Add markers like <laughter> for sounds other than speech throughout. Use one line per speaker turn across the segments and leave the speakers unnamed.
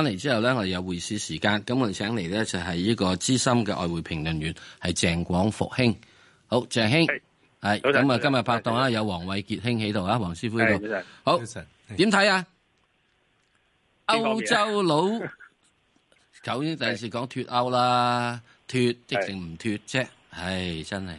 翻嚟之後咧，我哋有會試匯市時間，咁我哋請嚟咧就係、是、一個資深嘅外匯評論員，係鄭廣復兄。好，鄭兄，係，咁啊，今日拍檔啊，有黃偉傑兄喺度啊，黃師傅喺度。好，點睇啊？
歐洲
佬首先第一次講脫歐啦，脫即係唔脫啫，係真係。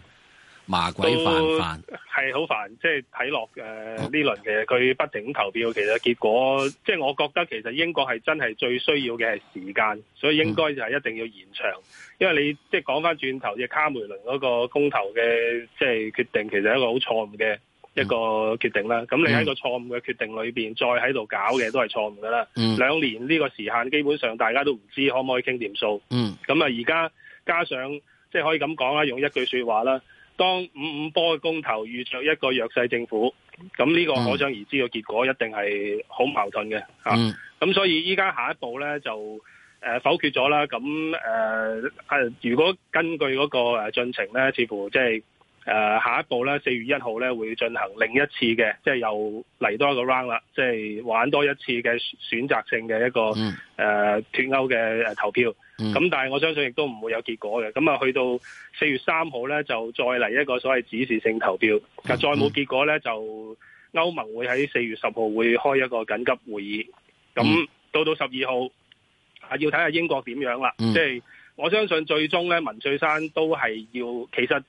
麻鬼煩，
係好煩，即係睇落誒呢輪嘅佢不停投票，其實結果即係、就是、我覺得其實英國係真係最需要嘅係時間，所以應該就係一定要延長，嗯、因為你即係講翻轉頭嘅卡梅倫嗰個公投嘅即係決定，其實係一個好錯誤嘅一個決定啦。咁、嗯、你喺個錯誤嘅決定裏邊、嗯、再喺度搞嘅都係錯誤噶啦、嗯。兩年呢個時限基本上大家都唔知可唔可以傾掂數。咁、嗯、啊，而家加上即係、就是、可以咁講啦，用一句説話啦。當五五波嘅公投遇着一個弱勢政府，咁呢個可想而知嘅結果一定係好矛盾嘅嚇。咁、mm. 啊、所以依家下一步呢，就誒、呃、否決咗啦。咁誒係如果根據嗰個進程呢，似乎即係呃、下一步呢，四月一號呢會進行另一次嘅，即係又嚟多一個 round 啦，即係玩多一次嘅選擇性嘅一個誒脱歐嘅投票。咁、嗯、但係我相信亦都唔會有結果嘅，咁啊去到四月三號呢，就再嚟一個所謂指示性投票，嗯、再冇結果呢，就歐盟會喺四月十號會開一個緊急會議，咁、嗯、到到十二號啊要睇下英國點樣啦，即、嗯、係、就是、我相信最終呢，文翠珊都係要其實。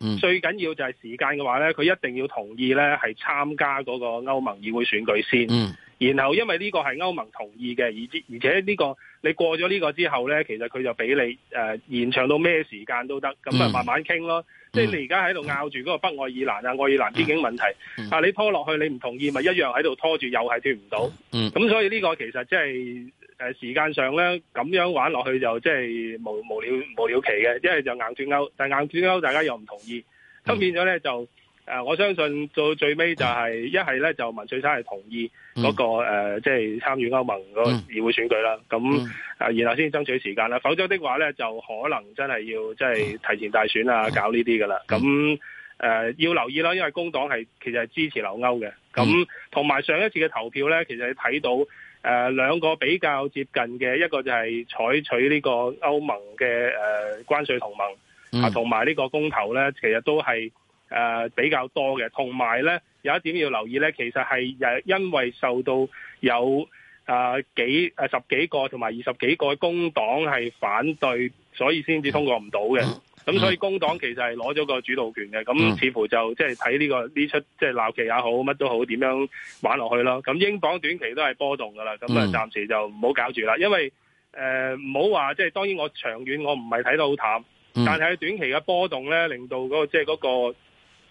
嗯、最緊要就係時間嘅話呢，佢一定要同意呢係參加嗰個歐盟議會選舉先。嗯、然後因為呢個係歐盟同意嘅，而而且呢、呢個你過咗呢個之後呢，其實佢就俾你誒、呃、延長到咩時間都得，咁咪慢慢傾咯。嗯、即係你而家喺度拗住嗰個北愛爾蘭啊，愛爾蘭邊境問題，但、嗯嗯啊、你拖落去你唔同意，咪一樣喺度拖住，又係脫唔到。咁所以呢個其實即係。誒，時間上咧咁樣玩落去就即係無無了無了期嘅，因為就硬轉歐，但係硬轉歐大家又唔同意，咁、嗯、變咗咧就誒、呃，我相信到最尾就係一係咧就文翠珊係同意嗰、那個誒，即係參與歐盟個議會選舉啦。咁、嗯嗯、然後先爭取時間啦。否則的話咧，就可能真係要即係、就是、提前大選啊，搞呢啲噶啦。咁、嗯、誒、呃，要留意啦，因為工黨係其實係支持留歐嘅。咁同埋上一次嘅投票咧，其實你睇到。誒、呃、兩個比較接近嘅，一個就係採取呢個歐盟嘅誒、呃、關稅同盟，同埋呢個公投呢其實都係誒、呃、比較多嘅。同埋呢，有一點要留意呢，其實係誒因為受到有誒、呃、幾誒十幾個同埋二十幾個嘅工黨係反對，所以先至通過唔到嘅。Mm. 咁、嗯、所以工黨其實係攞咗個主導權嘅，咁似乎就即係睇呢個呢出即係、即係、鬧劇也好，乜都好，點樣玩落去咯。咁英鎊短期都係波動噶啦，咁、嗯、啊暫時就唔好搞住啦。因為誒唔好話即係當然我長遠我唔係睇得好淡，嗯、但係短期嘅波動咧，令到嗰、嗰個即係嗰個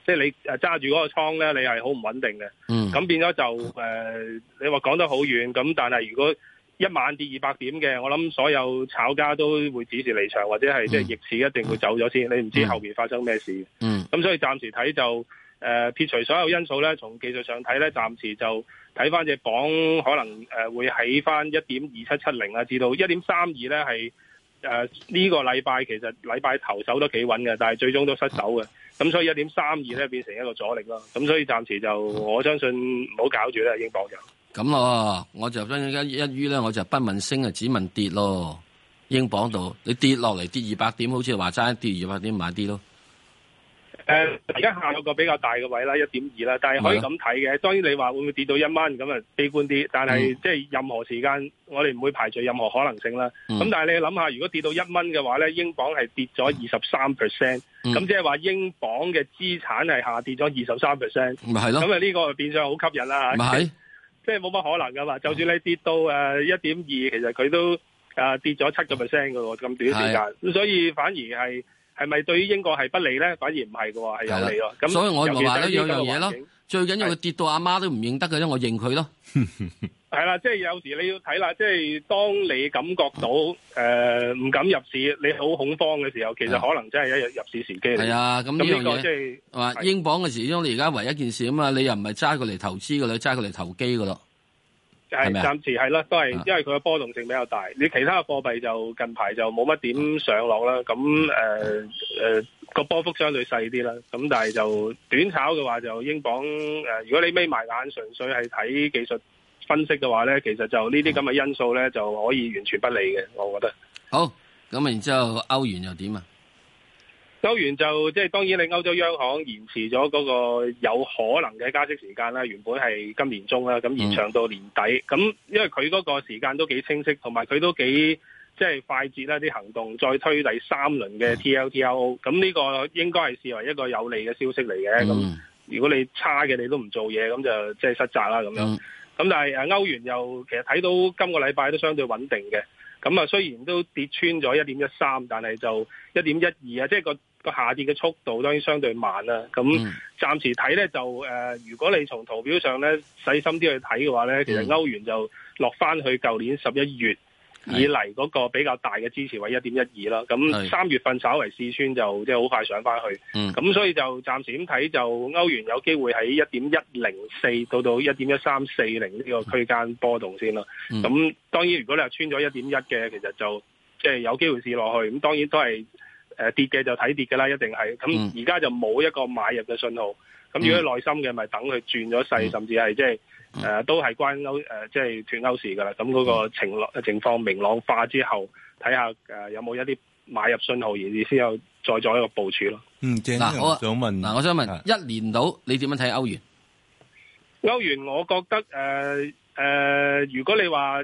即係、即係、你誒揸住嗰個倉咧，你係好唔穩定嘅。咁、嗯、變咗就、呃、你話講得好遠，咁但係如果。一晚跌二百點嘅，我諗所有炒家都會指示離場，或者係即係逆市一定會走咗先、嗯。你唔知後面發生咩事。嗯，咁所以暫時睇就誒、呃、撇除所有因素咧，從技術上睇咧，暫時就睇返隻鎊可能、呃、會起返一點二七七零啊，至到一點三二咧，係呢個禮拜，其實禮拜頭守都幾穩嘅，但係最終都失守嘅。咁、嗯、所以一點三二咧變成一個阻力囉。咁所以暫時就我相信唔好搞住咧，英鎊人。
咁咯，我就一於咧，我就不問升啊，只問跌咯。英鎊度，你跌落嚟跌二百點，好似話齋跌二百點買啲咯。
誒，而家下有個比較大嘅位啦，一點二啦，但係可以咁睇嘅。當然你話會唔會跌到一蚊咁啊？悲觀啲，但係即係任何時間，嗯、我哋唔會排除任何可能性啦。咁、嗯、但係你諗下，如果跌到一蚊嘅話咧，英鎊係跌咗二十三 percent，咁即係話英鎊嘅資產係下跌咗二十三 percent，咪係咯？咁啊呢個變相好吸引啦，係。即係冇乜可能噶嘛，就算你跌到誒一點二，呃、2，其實佢都誒、呃、跌咗七個 percent 噶喎，咁短時間，咁所以反而係係咪對於英國係不利咧？反而唔係嘅喎，係有利喎。咁，所以我就話呢兩樣嘢咯。最緊要佢
跌到阿媽都唔認得嘅咧，我認佢咯。
係啦，即係有時你要睇啦，即係當你感覺到誒唔敢入市，你好恐慌嘅時候，其實可能真係一日入市時機嚟。係啊，咁呢個即係話英
鎊嘅時鐘，因為你而家唯一一件事啊嘛，你又唔係揸佢嚟投資嘅啦，揸佢嚟投機㗎咯。係
暫時係啦，都係因為佢嘅波動性比較大。你其他嘅貨幣就近排就冇乜點上落啦。咁誒誒。呃呃個波幅相對細啲啦，咁但係就短炒嘅話就英鎊誒，如果你眯埋眼純粹係睇技術分析嘅話咧，其實就呢啲咁嘅因素咧就可以完全不理嘅，我覺得。
好，咁然之後歐元又點啊？
歐元就即係、就是、當然，你歐洲央行延遲咗嗰個有可能嘅加息時間啦，原本係今年中啦，咁延長到年底，咁、嗯、因為佢嗰個時間都幾清晰，同埋佢都幾。即、就、係、是、快捷啦，啲行動再推第三輪嘅 TLTRO 咁、嗯、呢個應該係視為一個有利嘅消息嚟嘅。咁、嗯、如果你差嘅，你都唔做嘢，咁就即係失責啦咁樣。咁、嗯、但係歐元又其實睇到今個禮拜都相對穩定嘅。咁啊，雖然都跌穿咗一點一三，但係就一點一二啊，即係個個下跌嘅速度當然相對慢啦。咁暫時睇咧就誒、呃，如果你從圖表上咧細心啲去睇嘅話咧、嗯，其實歐元就落翻去舊年十一月，以嚟嗰個比較大嘅支持位一點一二啦，咁三月份稍為試穿就即係好快上翻去，咁、嗯、所以就暫時咁睇就歐元有機會喺一點一零四到到一點一三四零呢個區間波動先啦。咁、嗯、當然如果你係穿咗一點一嘅，其實就即係、就是、有機會試落去。咁當然都係、呃、跌嘅就睇跌嘅啦，一定係。咁而家就冇一個買入嘅信號。咁如果內心嘅咪等佢轉咗勢、嗯，甚至係即係。誒、嗯呃，都係關歐誒、呃，即係斷歐事噶啦。咁嗰個情況情況明朗化之後，睇下誒有冇一啲買入信號，而而先有再做一個部署咯。嗯，
鄭先生、啊、我想問，嗱、啊，我想問，一年到你點樣睇歐元？
歐元，我覺得誒誒、呃呃，如果你話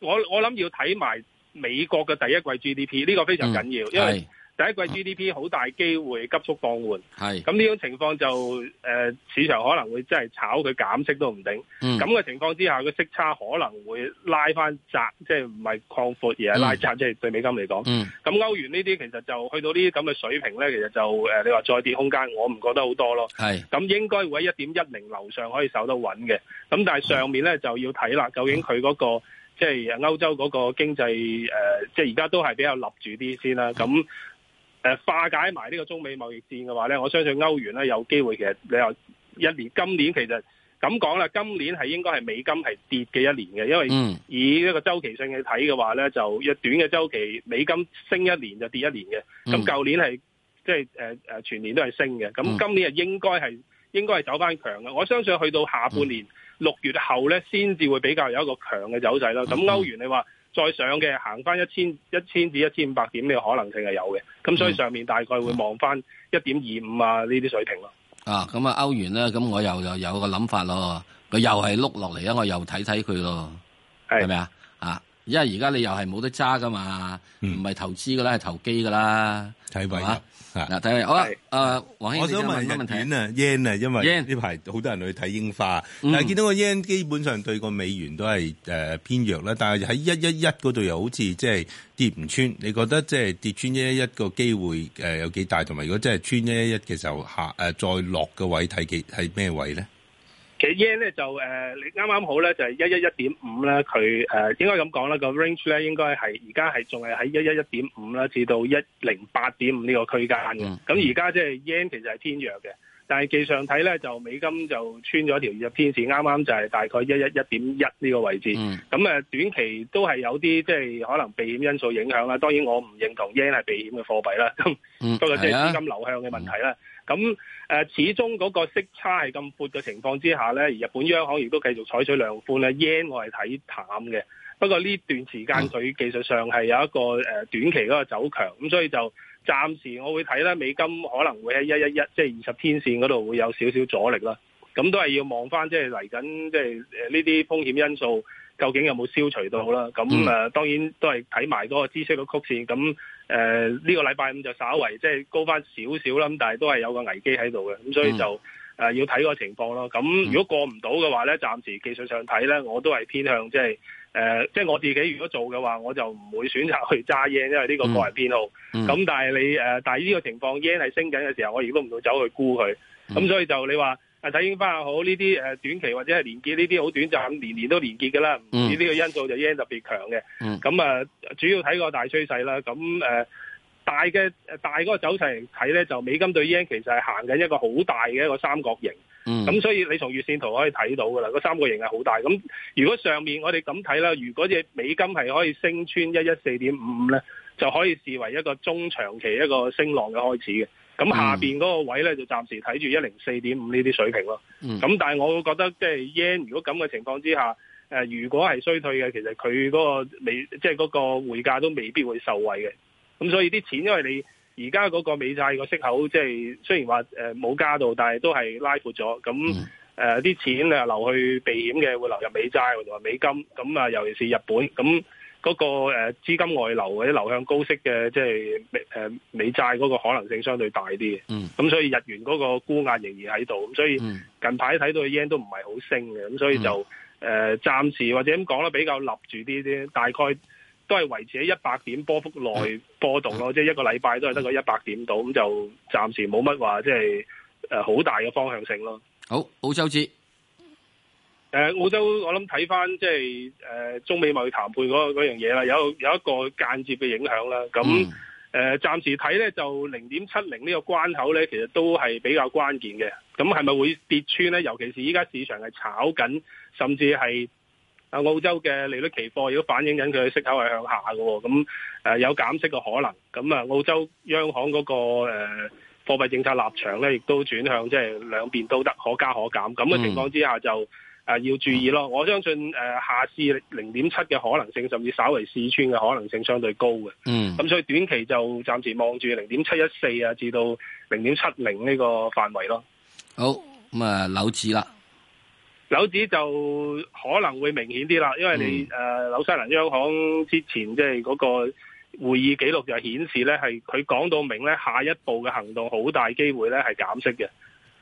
我我諗要睇埋美國嘅第一季 GDP，呢個非常緊要、嗯，因為。第一季 GDP 好大機會急速放緩，係咁呢種情況就誒、呃、市場可能會真係炒佢減息都唔定，咁、嗯、嘅情況之下個息差可能會拉翻窄，即係唔係擴闊而係拉窄，即、嗯、係、就是、對美金嚟講。咁、嗯、歐元呢啲其實就去到呢啲咁嘅水平咧，其實就誒、呃、你話再跌空間我唔覺得好多咯。係咁應該會喺一點一零樓上可以守得穩嘅，咁但係上面咧就要睇啦、嗯，究竟佢嗰、那個即係歐洲嗰個經濟誒、呃，即係而家都係比較立住啲先啦、啊。咁誒，化解埋呢個中美貿易戰嘅話呢，我相信歐元咧有機會，其實你又一年今年其實咁講啦，今年係應該係美金係跌嘅一年嘅，因為以一個周期性去睇嘅話呢，就一短嘅周期美金升一年就跌一年嘅。咁舊年係即係誒全年都係升嘅，咁今年係應該係應該係走翻強嘅，我相信去到下半年六、嗯、月後呢，先至會比較有一個強嘅走勢啦。咁歐元你話？再上嘅行翻一千一千至一千五百點，呢個可能性係有嘅，咁所以上面大概會望翻一點二五啊呢啲水平咯。
啊，咁啊，歐元咧，咁我又又有個諗法咯，佢又係碌落嚟啊，我又睇睇佢咯，係咪啊？啊，因為而家你又係冇得揸噶嘛，唔、嗯、係投資噶啦，係投機噶啦，係咪
啊？
嗱，睇 <noise> 嚟樂，我啊，黃兄，我想問，問，問日元啊，yen 啊，因為呢排好多人去睇櫻花，但係見到個 yen 基本上對個美元都係誒偏弱啦。但係喺一一一嗰度又好似即係跌唔穿，你覺得即係跌穿一一一個機會誒有幾大？同埋如果真係穿一一一嘅時候下誒再落嘅位睇幾係咩位咧？其實 yen 咧就誒、呃，你啱啱好咧就係一一一點五咧，佢、呃、應該咁講啦，個 range 咧應該係而家係仲係喺一一一點五啦至到一零八點五呢個區間嘅。咁而家即係 yen 其實係偏弱嘅，但係技術上睇咧就美金就穿咗條日偏線，啱啱就係大概一一一點一呢個位置。咁、嗯、誒短期都係有啲即係可能避險因素影響啦。當然我唔認同 yen 係避險嘅貨幣啦，不過即係資金流向嘅問題啦。嗯嗯咁誒、呃，始終嗰個息差係咁闊嘅情況之下咧，日本央行亦都繼續採取量寬咧，yen 我係睇淡嘅。不過呢段時間佢技術上係有一個、呃、短期嗰個走強，咁所以就暫時我會睇呢美金可能會喺一一一即係二十天線嗰度會有少少阻力啦。咁都係要望翻即係嚟緊即係呢啲風險因素究竟有冇消除到好啦？咁誒、呃嗯、當然都係睇埋嗰個知識嘅曲線咁。誒、呃，呢、這個禮拜五就稍為即係高翻少少啦，咁但係都係有個危機喺度嘅，咁所以就誒、嗯呃、要睇個情況咯。咁、嗯、如果過唔到嘅話咧，暫時技術上睇咧，我都係偏向即係誒，即係我自己如果做嘅話，我就唔會選擇去揸 yen 因為呢個個人偏好。咁但係你誒，但係呢、呃、個情況 yen 係升緊嘅時候，我亦都唔會走去沽佢。咁、嗯嗯、所以就你話。啊！睇英花又好，呢啲誒短期或者係連結呢啲好短肯年年都連結㗎啦，唔知呢個因素，就 yen 特別強嘅。咁、mm. 啊，主要睇個大趨勢啦。咁誒大嘅大嗰個走勢嚟睇咧，就美金對 yen 其實係行緊一個好大嘅一個三角形。咁、mm. 所以你從月線圖可以睇到㗎啦，個三角形係好大。咁如果上面我哋咁睇啦，如果隻美金係可以升穿一一四點五五咧，就可以視為一個中長期一個升浪嘅開始嘅。咁、嗯、下邊嗰個位咧就暫時睇住一零四點五呢啲水平咯。咁、嗯、但係我覺得即係 yen，如果咁嘅情況之下，呃、如果係衰退嘅，其實佢嗰個未即係嗰個匯價都未必會受惠嘅。咁所以啲錢因為你而家嗰個美債個息口即係、就是、雖然話冇、呃、加到，但係都係拉闊咗。咁啲、嗯呃、錢你流去避險嘅，會流入美債或者美金。咁啊，尤其是日本咁。嗰、那個誒資金外流或者流向高息嘅即係美誒、呃、美債嗰個可能性相對大啲，咁、嗯、所以日元嗰個沽壓仍然喺度，咁所以近排睇到嘅 yen 都唔係好升嘅，咁所以就誒、呃、暫時或者咁講啦，比較立住啲啲，大概都係維持喺一百點波幅內波動咯，即、嗯、係、就是、一個禮拜都係得個一百點度，咁就暫時冇乜話即係誒好大嘅方向性咯。
好，好，澳洲市。
誒澳洲，我諗睇翻即係誒中美貿易談判嗰樣嘢啦，有有一個間接嘅影響啦。咁誒、嗯呃、暫時睇咧，就零點七零呢個關口咧，其實都係比較關鍵嘅。咁係咪會跌穿咧？尤其是依家市場係炒緊，甚至係啊澳洲嘅利率期貨，亦都反映緊佢嘅息口係向下㗎喎、哦，咁誒、呃、有減息嘅可能。咁啊澳洲央行嗰、那個誒、呃、貨幣政策立場咧，亦都轉向即係兩邊都得，可加可減。咁、嗯、嘅情況之下就。誒、呃，要注意咯！我相信誒、呃，下次零點七嘅可能性，甚至稍為試穿嘅可能性相對高嘅。嗯，咁所以短期就暫時望住零點七一四啊，至到零點七零呢個範圍咯。
好，咁、嗯、啊，樓指啦，
樓指就可能會明顯啲啦，因為你誒，紐、嗯呃、西蘭央行之前即係嗰個會議記錄就顯示咧，係佢講到明咧，下一步嘅行動好大機會咧係減息嘅。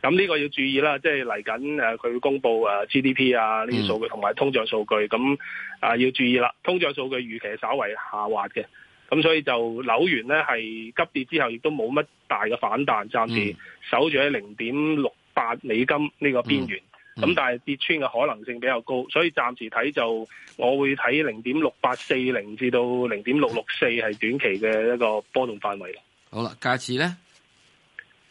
咁呢個要注意啦，即係嚟緊誒，佢公布誒 GDP 啊呢啲數據同埋通脹數據，咁、嗯、啊要注意啦。通脹數據預期稍為下滑嘅，咁所以就扭完紐元呢，係急跌之後，亦都冇乜大嘅反彈，暫時守住喺零點六八美金呢個邊緣。咁、嗯嗯、但係跌穿嘅可能性比較高，所以暫時睇就我會睇零點六八四零至到零點六六四係短期嘅一個波動範圍咯。
好啦，下次咧。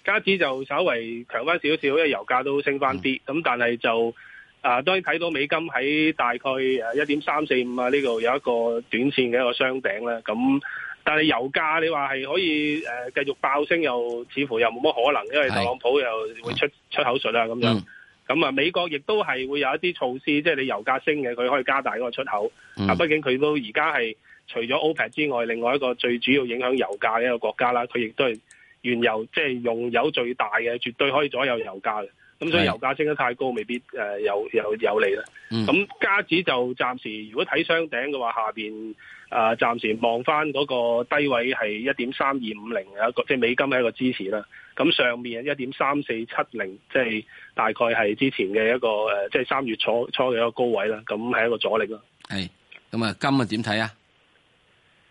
加資就稍微強翻少少，因為油價都升翻啲。咁、嗯、但係就啊、呃，當然睇到美金喺大概誒一點三四五啊呢度有一個短線嘅一個雙頂啦。咁但係油價你話係可以誒、呃、繼續爆升又，又似乎又冇乜可能，因為特朗普又會出、嗯、出口術啊咁樣。咁、嗯、啊、嗯嗯，美國亦都係會有一啲措施，即係你油價升嘅，佢可以加大嗰個出口、嗯。啊，畢竟佢都而家係除咗 OPEC 之外，另外一個最主要影響油價嘅一個國家啦，佢亦都係。原油即係用油最大嘅，絕對可以左右油價嘅。咁所以油價升得太高，未必誒、呃、有有有利啦。咁、嗯、加子就暫時，如果睇雙頂嘅話，下邊啊暫時望翻嗰個低位係一點三二五零一個即係美金係一個支持啦。咁上面一點三四七零，即係大概係之前嘅一個誒，即係三月初初嘅一個高位啦。咁係一個阻力啦。係。
咁啊金啊點睇啊？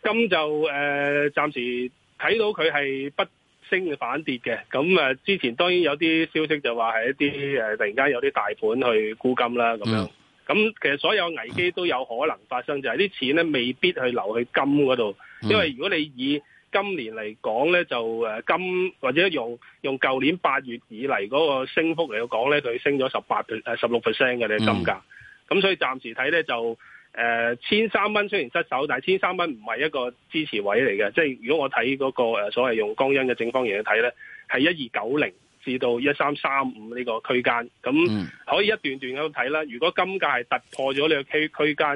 金就誒暫、呃、時睇到佢係不。升嘅反跌嘅，咁啊之前當然有啲消息就話係一啲誒突然間有啲大盤去沽金啦咁樣，咁、嗯、其實所有危機都有可能發生，就係、是、啲錢咧未必去留去金嗰度、嗯，因為如果你以今年嚟講咧，就誒金或者用用舊年八月以嚟嗰個升幅嚟講咧，佢升咗十八誒十六 percent 嘅咧金價，咁、嗯、所以暫時睇咧就，誒千三蚊雖然失守，但係千三蚊唔係一個支持位嚟嘅，即係如果我睇嗰、嗰個、呃、所謂用江恩嘅正方形去睇咧，係一二九零至到一三三五呢個區間，咁、嗯、可以一段段咁睇啦。如果金價係突破咗呢個區區間，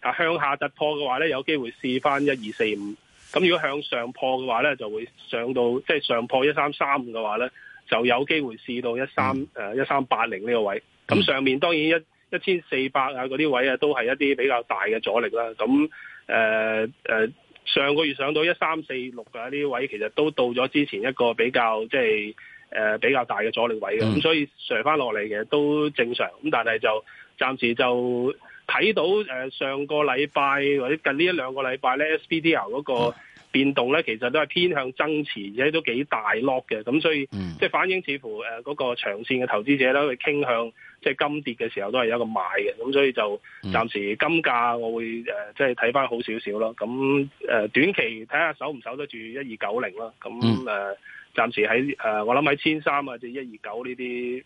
啊、呃、向下突破嘅話咧，有機會試返一二四五。咁如果向上破嘅話咧，就會上到即係上破一三三五嘅話咧，就有機會試到一三誒一三八零呢個位。咁上面當然一，嗯一1400一千四百啊，嗰啲位啊，都係一啲比較大嘅阻力啦。咁誒誒，上個月上到一三四六啊，呢啲位其實都到咗之前一個比較即係誒比較大嘅阻力位嘅。咁、嗯嗯、所以上翻落嚟嘅都正常。咁但係就暫時就睇到誒、呃，上個禮拜或者近這呢一兩個禮拜咧，S P D R 嗰個變動咧、嗯，其實都係偏向增持，而且都幾大 lock 嘅。咁所以、嗯、即係反映似乎誒嗰、呃那個長線嘅投資者咧，都會傾向。即係金跌嘅時候都係有一個賣嘅，咁所以就暫時金價我會誒、呃、即係睇翻好少少咯。咁誒、呃、短期睇下守唔守得住一二九零咯。咁、嗯、誒、呃、暫時喺誒、呃、我諗喺千三或者一二九呢啲誒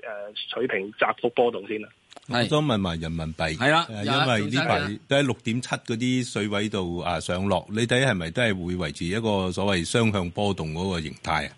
水平窄幅波動先啦。我想問埋人民幣係啦，因為呢排都喺六點七嗰啲水位度啊上落，你睇係咪都係會維持一個所謂雙向波動嗰個形態啊？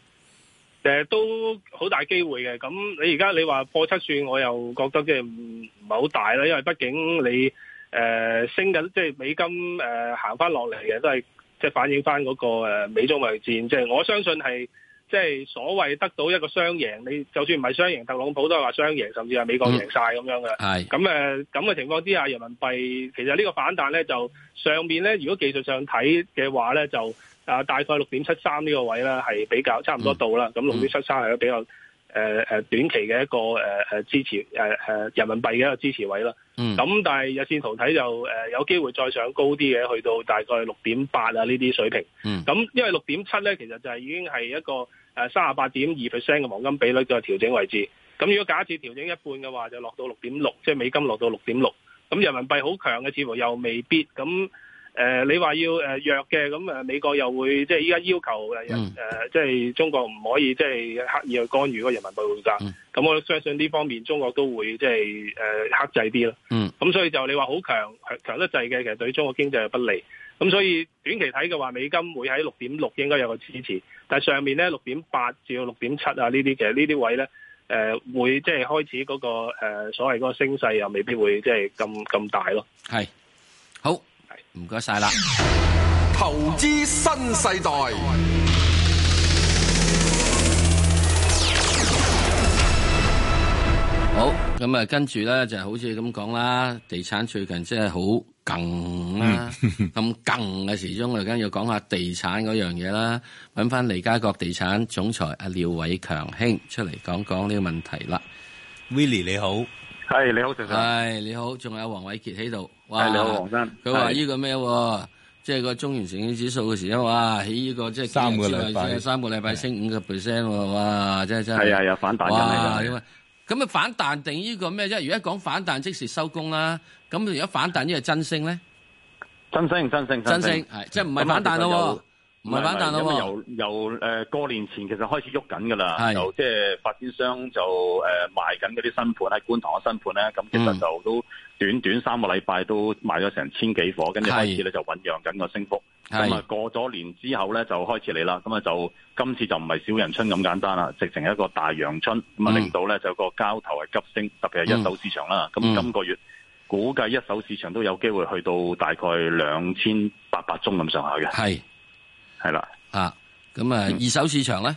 誒都好大機會嘅，咁你而家你話破七算，我又覺得即係唔唔係好大啦，因為畢竟你誒、呃、升緊，即係美金誒行翻落嚟嘅都係即係反映翻嗰、那個、呃、美中貿易戰，即係我相信係。即係所謂得到一個雙贏，你就算唔係雙贏，特朗普都係話雙贏，甚至係美國贏晒咁、嗯、樣嘅。係咁誒，咁嘅情況之下，人民幣其實呢個反彈咧，就上面咧，如果技術上睇嘅話咧，就啊大概六點七三呢個位咧係比較差唔多到啦。咁六點七三係比較誒誒、呃、短期嘅一個誒誒、呃、支持誒誒、呃、人民幣嘅一個支持位啦。咁、嗯、但係有線圖日線圖睇就誒、呃、有機會再上高啲嘅，去到大概六點八啊呢啲水平。咁、嗯、因為六點七咧，其實就係已經係一個。誒三十八點二 percent 嘅黃金比率嘅調整位置，咁如果假設調整一半嘅話，就落到六點六，即係美金落到六點六，咁人民幣好強嘅似乎又未必咁。誒、呃，你話要誒弱嘅，咁誒美國又會即係依家要求誒誒、嗯呃，即係中國唔可以即係刻意去干預個人民幣匯價。咁、嗯、我相信呢方面，中國都會即係誒、呃、克制啲咯。咁、嗯、所以就你話好強強得滯嘅，其實對中國經濟係不利。咁所以短期睇嘅話，美金會喺六點六應該有個支持，但係上面咧六點八至到六點七啊呢啲，其實這些置呢啲位咧誒會即係開始嗰、那個誒、呃、所謂嗰個升勢又未必會即係咁咁大咯。
係好。唔該晒啦！投資新世代，新世代好咁啊，那就跟住咧就係好似你咁講啦，地產最近真係好勁啊！嗯」咁勁嘅始終嚟梗要講下地產嗰樣嘢啦。揾翻利嘉閣地產總裁阿廖偉強兄出嚟講講呢個問題啦，Willie 你好。係、哎、你好，鄭生。係、哎、你好，仲有黃偉傑喺度。係、哎、你好，黃生。佢話呢個咩？即係、啊就是、個中原城市指數嘅時候，哇！起呢、這個即係三個禮拜，三個禮拜，拜升五個 percent，哇！真係真係。係啊，有反彈。哇！咁啊，反彈定呢個咩啫？如果講反彈，即時收工啦。咁如果反彈，呢個真升咧？
真升，真升，真升。係即係唔係反彈咯？嗯嗯唔係反彈咯，因為由由誒、呃、過年前其實開始喐緊㗎啦，由即係發展商就誒、呃、賣緊嗰啲新盤喺觀塘嘅新盤咧，咁其實就都短短三個禮拜都賣咗成千幾夥，跟住開始咧就醞釀緊個升幅。咁啊過咗年之後咧就開始嚟啦，咁啊就今次就唔係小陽春咁簡單啦，直情係一個大陽春，咁、嗯、啊令到咧就個交投係急升，特別係一手市場啦。咁、嗯、今個月估計一手市場都有機會去到大概兩千八百宗咁上下嘅。係啦，啊，
咁啊、嗯，二手市場咧，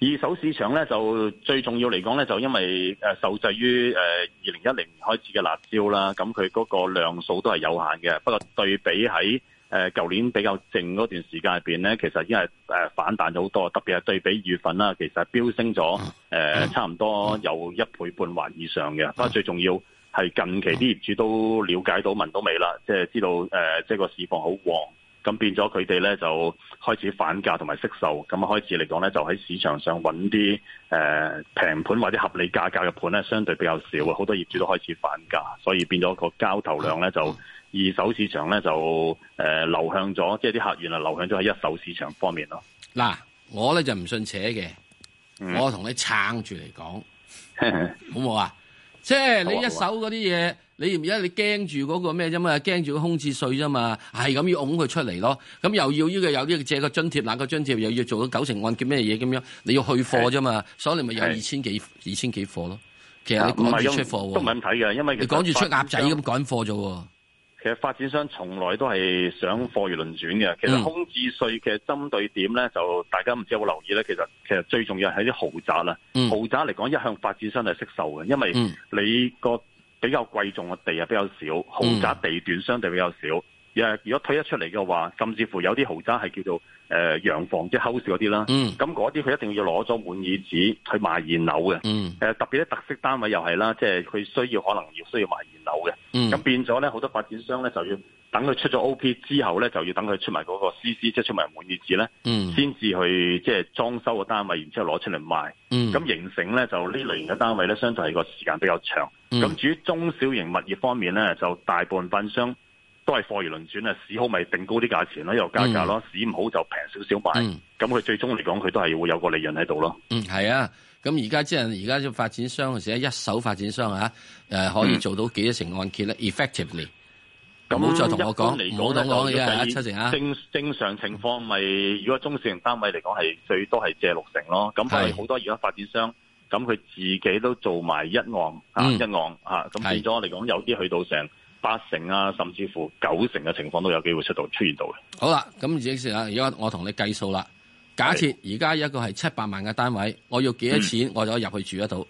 二手市場咧就最重要嚟講咧，就因為誒受制於誒二零一零開始嘅辣椒啦，咁佢嗰個量數都係有限嘅。不過對比喺誒舊年比較靜嗰段時間入邊咧，其實已經係誒反彈咗好多，特別係對比二月份啦，其實飆升咗誒、呃、差唔多有一倍半或以上嘅。不過最重要係近期啲業主都了解到聞到未啦，即、就、係、是、知道誒，即、呃、係、就是、個市況好旺。咁變咗佢哋咧就開始反價同埋惜售，咁啊開始嚟講咧就喺市場上揾啲誒平盤或者合理價格嘅盤咧，相對比較少，好多業主都開始反價，所以變咗個交投量咧就、嗯、二手市場咧就、呃、就流向咗，即係啲客源流向咗喺一手市場方面咯。嗱，我咧就唔信扯嘅、嗯，我同
你撐住嚟講，
<laughs>
好唔好、就是、好啊？即係你一手嗰啲嘢。你而家你驚住嗰個咩啫嘛？驚住個空置稅啫嘛？係咁要㧬佢出嚟咯。咁又要呢個有啲、呢個、借個津貼，嗱個津貼又要做到九成按揭咩嘢咁樣？你要去貨啫嘛？所以你咪有二千幾二千幾貨咯。其實你趕住出貨喎，都唔係咁
睇嘅。因為你趕住出鴨仔
咁趕貨啫喎。
其實發展商從來都係想貨如輪轉嘅、嗯。其實空置稅其實針對點咧，就大家唔知有冇留意咧。其實其實最重要係啲豪宅啦、嗯，豪宅嚟講一向發展商係識售嘅，因為你個。嗯比較貴重嘅地啊，比較少豪宅地段相對比較少。誒，嗯、如果推一出嚟嘅話，甚至乎有啲豪宅係叫做誒、呃、洋房即係 house 嗰啲啦。咁嗰啲佢一定要攞咗滿意紙去賣現樓嘅。誒、嗯、特別啲特色單位又係啦，即係佢需要可能要需要賣現樓嘅。咁、嗯、變咗咧，好多發展商咧就要。等佢出咗 O P 之後咧，就要等佢出埋嗰個 C C，即係出埋滿意紙咧，先、嗯、至去即係、就是、裝修個單位，然之後攞出嚟賣。咁、嗯、形成咧就呢類型嘅單位咧，相對係個時間比較長。咁、嗯、至於中小型物業方面咧，就大半發展商都係貨如輪轉啊，市好咪定高啲價錢咯，又加價咯；市、嗯、唔好就平少少賣。咁、嗯、佢最終嚟講，佢都係會有個利潤喺度咯。嗯，
係啊。咁而家即係而家啲發展商嘅時一手發展商嚇、啊、誒、呃、可以做到幾多成按揭咧？Effectively。咁唔好再同我講嚟講，唔好再講啦，阿七成啊！正
正常情況咪、就是嗯，如果中小型單位嚟講，係最多係借六成咯。咁係好多而家發展商，咁佢自己都做埋一案、嗯、啊，一案咁變咗嚟講，有啲去到成八成啊，甚至乎九成嘅情況都有機會出到出現到嘅。
好啦，咁而家先啊，而家我同你計數啦。假設而家一個係七百萬嘅單位，我要幾多錢、嗯，我就可以入去住得到？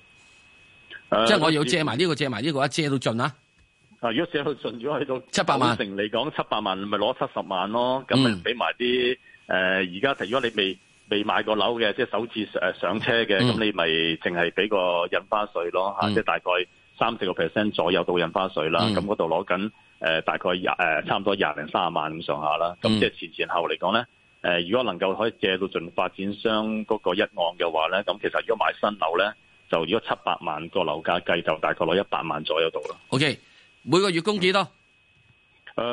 呃、即係我要借埋、呢、呢、個呃呢個，借埋、呢、呢個，一借到盡啦。
啊！如果借到盡，如果喺到九成嚟講，七百萬咪攞七,七十萬咯。咁咪俾埋啲誒，而家、呃、如果你未未買過樓嘅，即係首次誒上車嘅，咁、嗯、你咪淨係俾個印花稅咯嚇、嗯，即係大概三、四個 percent 左右到印花稅啦。咁嗰度攞緊誒大概廿誒、呃、差唔多廿零三十萬咁上下啦。咁即係前前後嚟講咧，誒、呃、如果能夠可以借到盡發展商嗰個一按嘅話咧，咁其實如果買新樓咧，就如果七百萬個樓價計，就大概攞一百萬左右到啦。O K。每個月供幾多？誒、嗯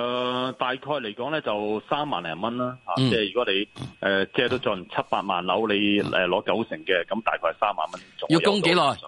呃，大概嚟講咧就三萬零蚊啦，嗯、即係如果你、呃、借到盡七百萬樓，你攞九、呃、成嘅，咁大概係三萬蚊左右。要供幾耐？誒、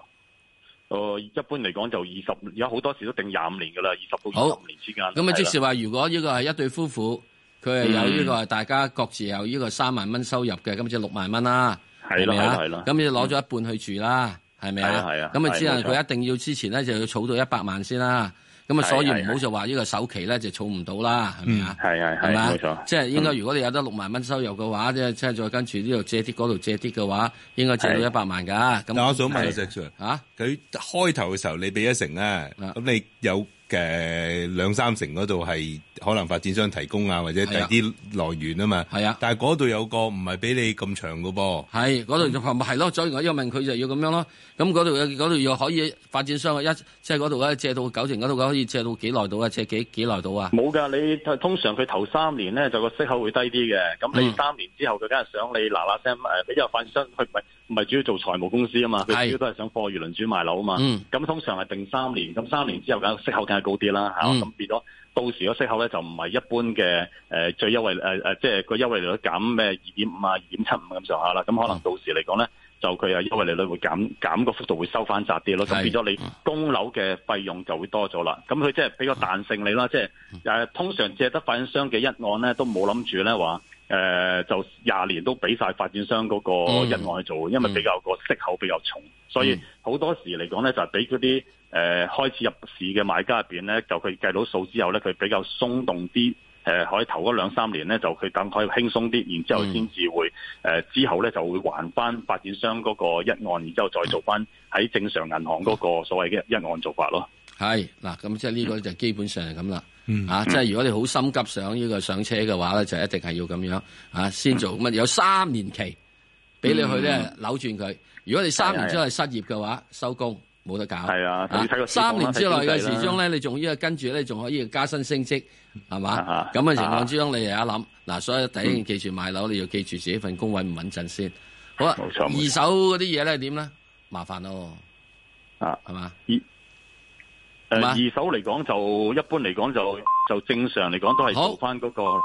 呃，一般嚟講就二十，有好多時都定廿五年嘅啦，二十到二十年之間。咁啊、嗯，即是
話，如果呢個係一對夫婦，佢係有呢、呢個係大家各自有呢個三萬蚊收入嘅，咁即係六萬蚊啦，係咪啦咁、啊啊、就攞咗一半去住啦，係、嗯、咪啊？啊！咁啊，只能佢一定要之前咧就要儲到一百萬先啦。咁、嗯、啊，所以唔好就話呢個首期咧就儲唔到啦，係
咪啊？係係係，冇錯。
即係應該，如果你有得六萬蚊收入嘅話，嗯、即係即係再跟住呢度借啲，嗰度借啲嘅話，
應該借到一百萬
㗎。咁，我想問阿 Sir，
嚇
佢開頭嘅時候你俾一成咧，咁你有嘅、呃、兩三成嗰度係？可能發展商提供啊，或者第啲來源啊嘛。啊，但係嗰度有個唔係俾你咁長嘅噃、啊。係嗰度
就係咪係咯？所以我一問佢就要咁樣咯、啊。咁嗰度，嗰度又可以發展商一即係嗰度咧借到九成，嗰度可以借到幾耐到啊？借幾幾耐到啊？
冇㗎，你通常佢頭三年咧就個息口會低啲嘅。咁你三年之後佢梗係想你嗱嗱聲誒俾個發展商去，唔係唔係主要做財務公司啊嘛。佢主要都係想貨如輪轉賣樓啊嘛。咁、嗯、通常係定三年，咁三年之後梗息口梗係高啲啦，咁變咗。嗯到時個息口咧就唔係一般嘅，誒、呃、最優惠誒誒、呃，即係個優惠利率減咩二點五啊、二點七五咁上下啦。咁可能到時嚟講咧，mm. 就佢嘅優惠利率會減減個幅度會收翻窄啲咯。咁、mm. 變咗你供樓嘅費用就會多咗啦。咁佢即係比較彈性啲啦。Mm. 即係誒、呃、通常借得發展商嘅一案咧，都冇諗住咧話誒就廿年都俾晒發展商嗰個一案去做，因為比較個息口比較重，所以好多時嚟講咧就係俾嗰啲。誒、呃、開始入市嘅買家入面咧，就佢計到數之後咧，佢比較鬆動啲，誒可以頭嗰兩三年咧，就佢等可以輕鬆啲，然之後先至會誒、嗯呃、之後咧就會還翻發展商嗰個一按，然之後再做翻喺正常銀行嗰個所謂嘅一按做法咯。
係嗱，咁即係呢個就基本上係咁啦。嗯，啊，即係如果你好心急想上呢個上車嘅話咧，就一定係要咁樣啊先做。咁、嗯、啊有三年期俾你去咧扭轉佢。如果你三年之後係失業嘅話，收工。冇得搞，係啊，啊個個！三年之內嘅時鐘咧，你仲依個跟住咧，仲可以加薪升職，係嘛？咁嘅情況之中，你又一諗嗱，所以第一件、啊、記住買樓，你要記住自己份工位唔穩陣先。好啊，二手嗰啲嘢咧點咧？麻煩咯，啊係嘛、呃？
二二手嚟講就一般嚟講就就正常嚟講都係做翻嗰、那個。